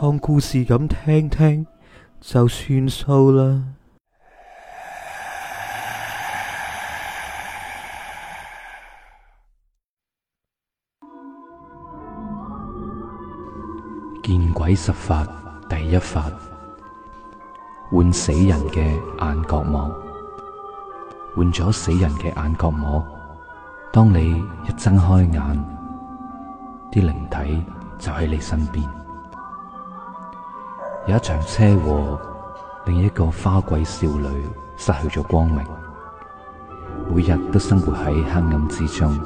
當故事咁聽聽就算數啦。見鬼十法第一法：換死人嘅眼角膜。換咗死人嘅眼角膜，當你一睜開眼，啲靈體就喺你身邊。有一場車禍，另一個花季少女失去咗光明，每日都生活喺黑暗之中，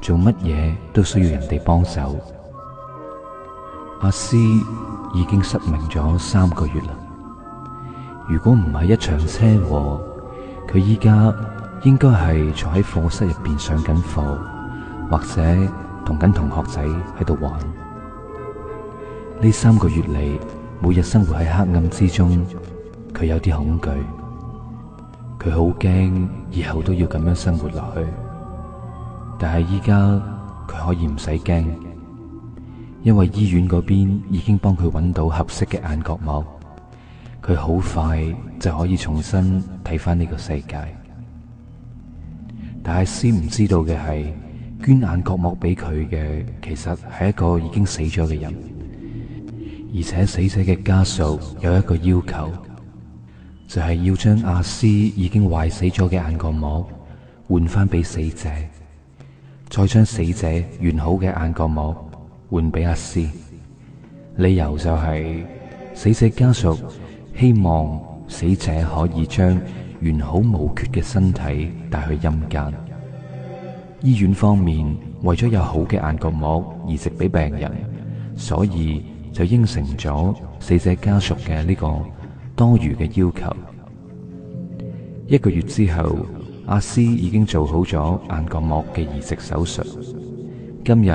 做乜嘢都需要人哋幫手。阿詩已經失明咗三個月啦。如果唔係一場車禍，佢依家應該係坐喺課室入邊上緊課，或者同緊同學仔喺度玩。呢三個月嚟。每日生活喺黑暗之中，佢有啲恐懼，佢好驚以後都要咁樣生活落去。但係依家佢可以唔使驚，因為醫院嗰邊已經幫佢揾到合適嘅眼角膜，佢好快就可以重新睇翻呢個世界。但係先唔知道嘅係，捐眼角膜俾佢嘅，其實係一個已經死咗嘅人。而且死者嘅家屬有一個要求，就係、是、要將阿詩已經壞死咗嘅眼角膜換翻俾死者，再將死者完好嘅眼角膜換俾阿詩。理由就係、是、死者家屬希望死者可以將完好無缺嘅身體帶去陰間。醫院方面為咗有好嘅眼角膜移植俾病人，所以。就應承咗死者家屬嘅呢個多餘嘅要求。一個月之後，阿師已經做好咗眼角膜嘅移植手術。今日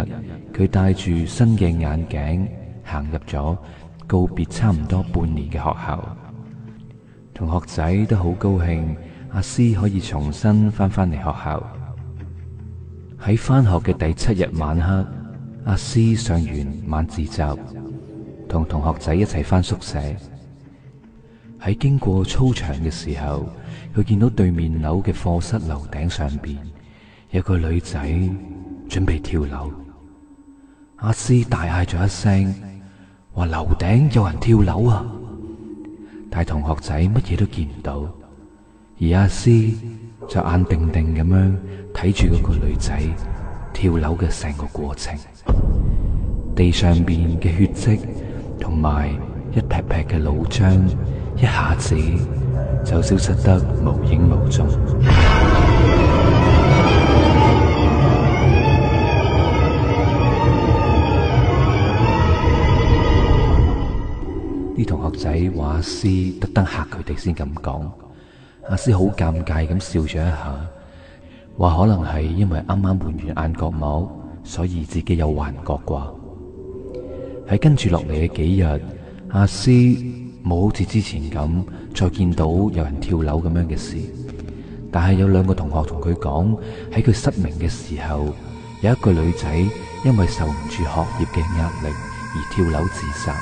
佢戴住新嘅眼鏡，行入咗告別差唔多半年嘅學校。同學仔都好高興，阿師可以重新翻返嚟學校。喺翻學嘅第七日晚黑，阿師上完晚自習。同同學仔一齊返宿舍，喺經過操場嘅時候，佢見到對面樓嘅課室樓頂上邊有個女仔準備跳樓。阿師大嗌咗一聲，話樓頂有人跳樓啊！但係同學仔乜嘢都見唔到，而阿師就眼定定咁樣睇住嗰個女仔跳樓嘅成個過程，地上邊嘅血跡。同埋一劈劈嘅老漿，一下子就消失得無影無蹤。啲 同學仔話：師特登嚇佢哋先咁講。阿師好尷尬咁笑咗一下，話可能係因為啱啱換完眼角膜，所以自己有幻覺啩。喺跟住落嚟嘅幾日，阿師冇好似之前咁再見到有人跳樓咁樣嘅事，但係有兩個同學同佢講，喺佢失明嘅時候，有一個女仔因為受唔住學業嘅壓力而跳樓自殺。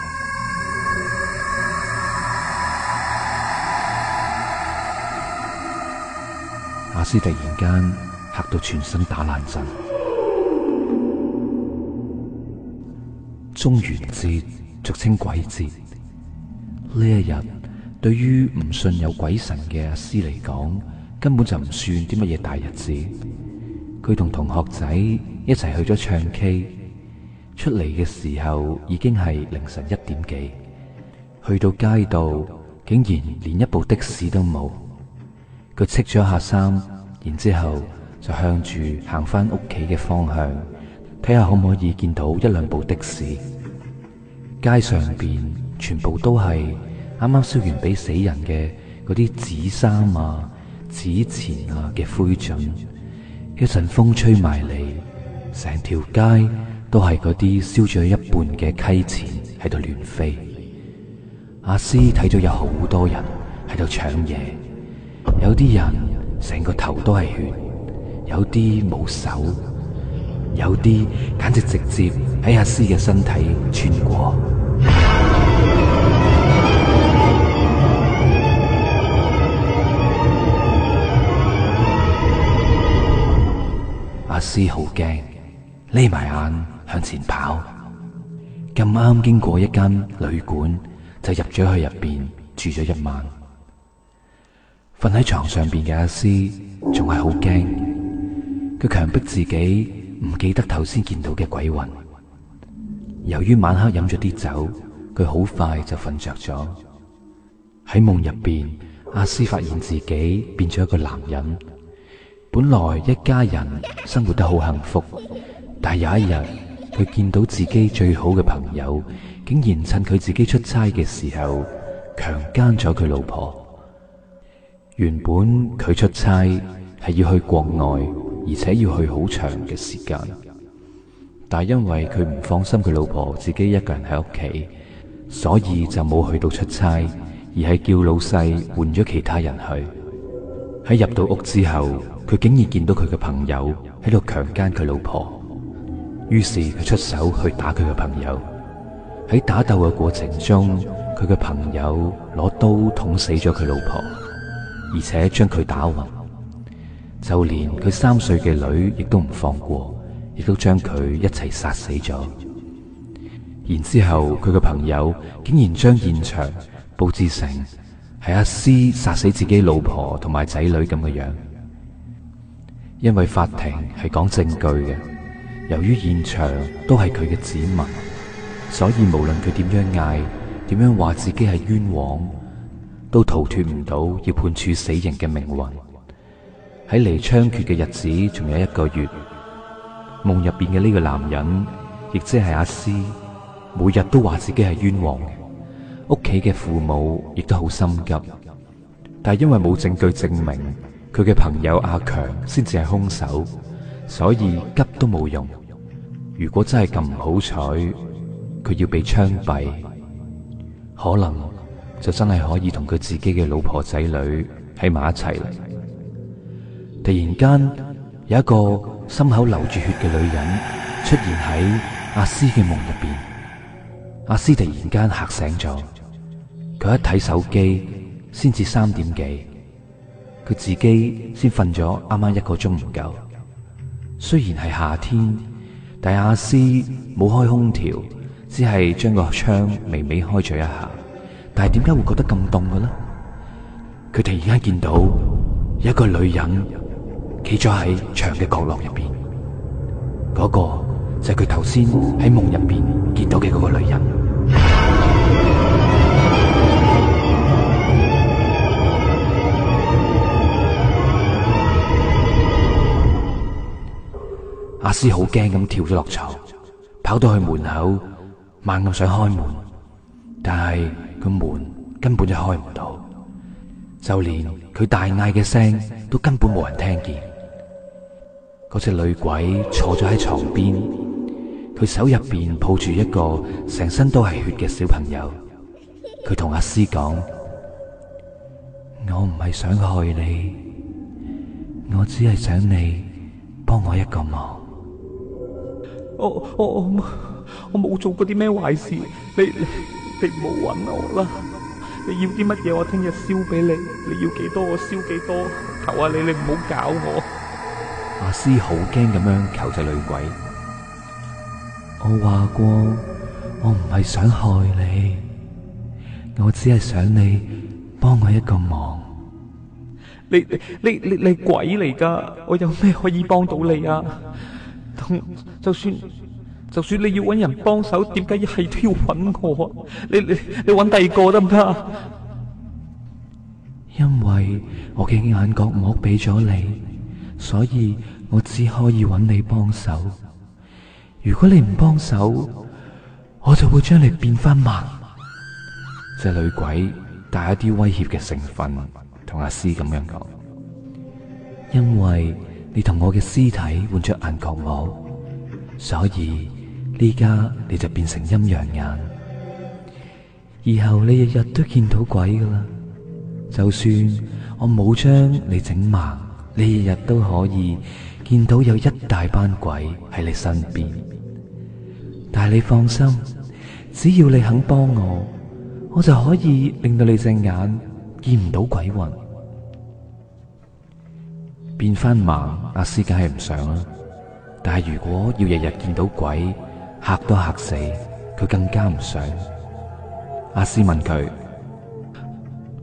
阿師突然間嚇到全身打冷震。中元節，俗稱鬼節，呢一日對於唔信有鬼神嘅阿詩嚟講，根本就唔算啲乜嘢大日子。佢同同學仔一齊去咗唱 K，出嚟嘅時候已經係凌晨一點幾，去到街道竟然連一部的士都冇。佢戚咗下衫，然之後就向住行翻屋企嘅方向。睇下可唔可以見到一兩部的士？街上邊全部都係啱啱燒完俾死人嘅嗰啲紙衫啊、紙錢啊嘅灰燼。一陣風吹埋嚟，成條街都係嗰啲燒咗一半嘅溪錢喺度亂飛。阿師睇咗有好多人喺度搶嘢，有啲人成個頭都係血，有啲冇手。有啲簡直直接喺阿詩嘅身體穿過。 阿詩好驚，匿埋眼向前跑。咁啱經過一間旅館，就入咗去入邊住咗一晚。瞓喺床上邊嘅阿詩仲係好驚，佢強迫自己。唔記得頭先見到嘅鬼魂。由於晚黑飲咗啲酒，佢好快就瞓着咗。喺夢入邊，阿斯發現自己變咗一個男人。本來一家人生活得好幸福，但有一日，佢見到自己最好嘅朋友，竟然趁佢自己出差嘅時候強姦咗佢老婆。原本佢出差係要去國外。而且要去好長嘅時間，但係因為佢唔放心佢老婆自己一個人喺屋企，所以就冇去到出差，而係叫老細換咗其他人去。喺入到屋之後，佢竟然見到佢嘅朋友喺度強姦佢老婆，於是佢出手去打佢嘅朋友。喺打鬥嘅過程中，佢嘅朋友攞刀捅死咗佢老婆，而且將佢打暈。就連佢三歲嘅女亦都唔放過，亦都將佢一齊殺死咗。然之後佢個朋友竟然將現場布置成係阿斯殺死自己老婆同埋仔女咁嘅樣，因為法庭係講證據嘅，由於現場都係佢嘅指紋，所以無論佢點樣嗌、點樣話自己係冤枉，都逃脫唔到要判處死刑嘅命運。喺離槍決嘅日子，仲有一個月。夢入邊嘅呢個男人，亦即係阿思，每日都話自己係冤枉。屋企嘅父母亦都好心急，但係因為冇證據證明佢嘅朋友阿強先至係兇手，所以急都冇用。如果真係咁唔好彩，佢要被槍斃，可能就真係可以同佢自己嘅老婆仔女喺埋一齊啦。突然間有一個心口流住血嘅女人出現喺阿詩嘅夢入邊，阿詩突然間嚇醒咗，佢一睇手機先至三點幾，佢自己先瞓咗啱啱一個鐘唔夠。雖然係夏天，但係阿詩冇開空調，只係將個窗微微開咗一下，但係點解會覺得咁凍嘅呢？佢突然間見到一個女人。企咗喺牆嘅角落入邊，嗰個就係佢頭先喺夢入邊見到嘅嗰個女人。 阿詩好驚咁跳咗落床，跑到去門口，猛咁想開門，但係佢門根本就開唔到。就連佢大嗌嘅聲都根本冇人聽見，嗰隻女鬼坐咗喺床邊，佢手入邊抱住一個成身都係血嘅小朋友，佢同阿師講： 我唔係想害你，我只係想你幫我一個忙。我我我冇做過啲咩壞事，你你你唔好搵我啦。你要啲乜嘢？我聽日燒俾你。你要幾多？我燒幾多。求下你，你唔好搞我。阿詩好驚咁樣求隻女鬼。我話過，我唔係想害你，我只係想你幫我一個忙。你你你你你鬼嚟噶？我有咩可以幫到你啊？同就算。就算你要揾人幫手，點解一係都要揾我？你你你揾第二個得唔得？可可因為我嘅眼角膜俾咗你，所以我只可以揾你幫手。如果你唔幫手，我就會將你變翻盲。隻女鬼帶一啲威脅嘅成分，同阿詩咁樣講。因為你同我嘅屍體換咗眼角膜，所以。呢家你就變成陰陽眼，以後你日日都見到鬼噶啦。就算我冇將你整盲，你日日都可以見到有一大班鬼喺你身邊。但係你放心，只要你肯幫我，我就可以令到你隻眼見唔到鬼魂，變翻盲。阿師梗係唔想啦，但係如果要日日見到鬼。嚇都嚇死，佢更加唔想。阿斯問佢，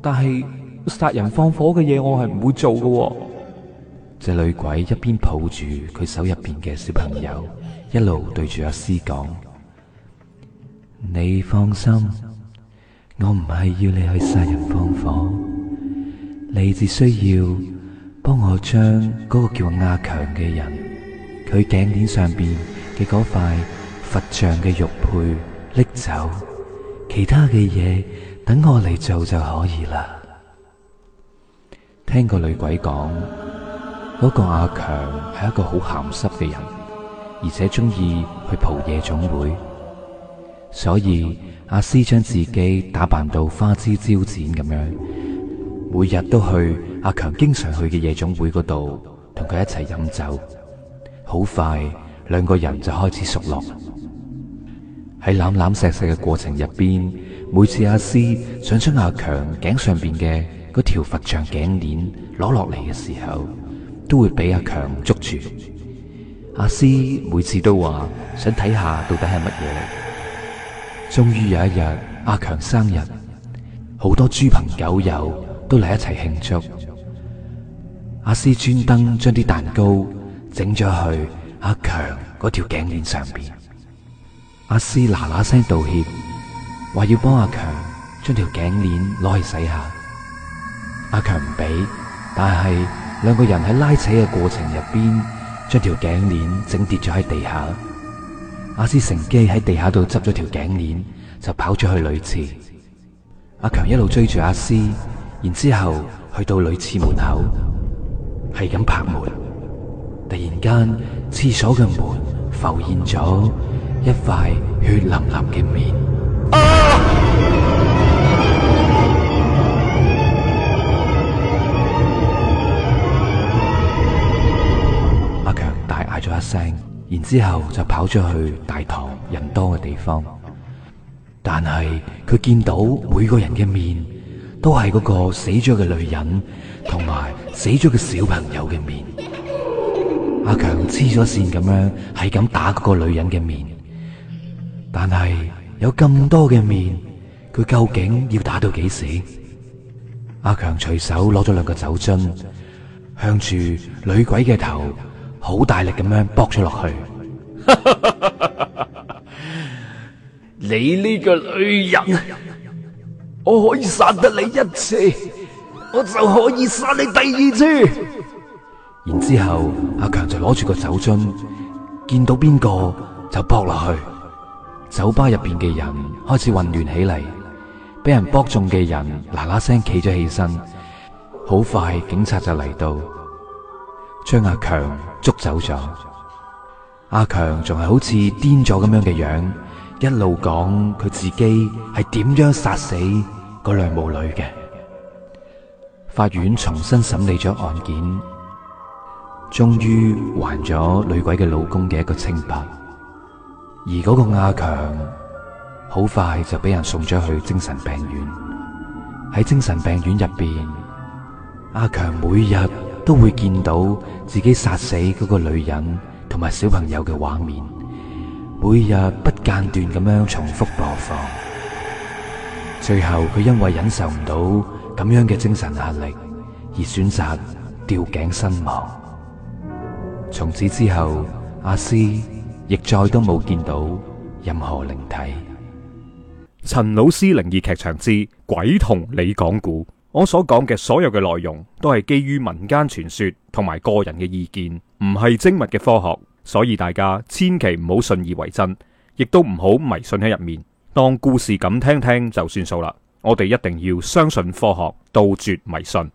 但係殺人放火嘅嘢，我係唔會做㗎喎。隻女鬼一邊抱住佢手入邊嘅小朋友，一路對住阿斯講： 你放心，我唔係要你去殺人放火，你只需要幫我將嗰個叫阿強嘅人，佢頸鏈上邊嘅嗰塊。佛像嘅玉佩拎走，其他嘅嘢等我嚟做就可以啦。聽個女鬼講，嗰個阿強係一個好鹹濕嘅人，而且中意去蒲夜總會，所以阿詩將自己打扮到花枝招展咁樣，每日都去阿強經常去嘅夜總會嗰度同佢一齊飲酒，好快兩個人就開始熟絡。喺攬攬錫錫嘅過程入邊，每次阿斯想將阿強頸上邊嘅嗰條佛像頸鏈攞落嚟嘅時候，都會俾阿強捉住。阿斯每次都話想睇下到底係乜嘢嚟。終於有一日，阿強生日，好多豬朋狗友都嚟一齊慶祝。阿斯專登將啲蛋糕整咗去阿強嗰條頸鏈上邊。阿斯嗱嗱聲道歉，話要幫阿強將條頸鏈攞去洗下。阿強唔俾，但係兩個人喺拉扯嘅過程入邊，將條頸鏈整跌咗喺地下。阿斯乘機喺地下度執咗條頸鏈，就跑咗去女廁。阿強一路追住阿斯，然之後去到女廁門口，係咁拍門。突然間，廁所嘅門浮現咗。一塊血淋淋嘅面。啊、阿強大嗌咗一聲，然之後就跑出去大堂人多嘅地方。但係佢見到每個人嘅面，都係嗰個死咗嘅女人同埋死咗嘅小朋友嘅面。阿強黐咗線咁樣，係咁打嗰個女人嘅面。但係有咁多嘅面，佢究竟要打到幾時？阿強隨手攞咗兩個酒樽，向住女鬼嘅頭，好大力咁樣剝咗落去。 你呢個女人，我可以殺得你一次，我就可以殺你第二次。然之後阿強就攞住個酒樽，見到邊個就剝落去。酒吧入邊嘅人開始混亂起嚟，俾人搏中嘅人嗱嗱聲企咗起身，好快警察就嚟到，將阿強捉走咗。阿強仲係好似癲咗咁樣嘅樣，一路講佢自己係點樣殺死嗰兩母女嘅。法院重新審理咗案件，終於還咗女鬼嘅老公嘅一個清白。而嗰個阿強好快就俾人送咗去精神病院。喺精神病院入邊，阿強每日都會見到自己殺死嗰個女人同埋小朋友嘅畫面，每日不間斷咁樣重複播放。最後佢因為忍受唔到咁樣嘅精神壓力，而選擇吊頸身亡。從此之後，阿斯。亦再都冇見到任何靈體。陳老師靈異劇場之鬼同你講故，我所講嘅所有嘅內容都係基於民間傳說同埋個人嘅意見，唔係精密嘅科學，所以大家千祈唔好信以為真，亦都唔好迷信喺入面。當故事咁聽聽就算數啦。我哋一定要相信科學，杜絕迷信。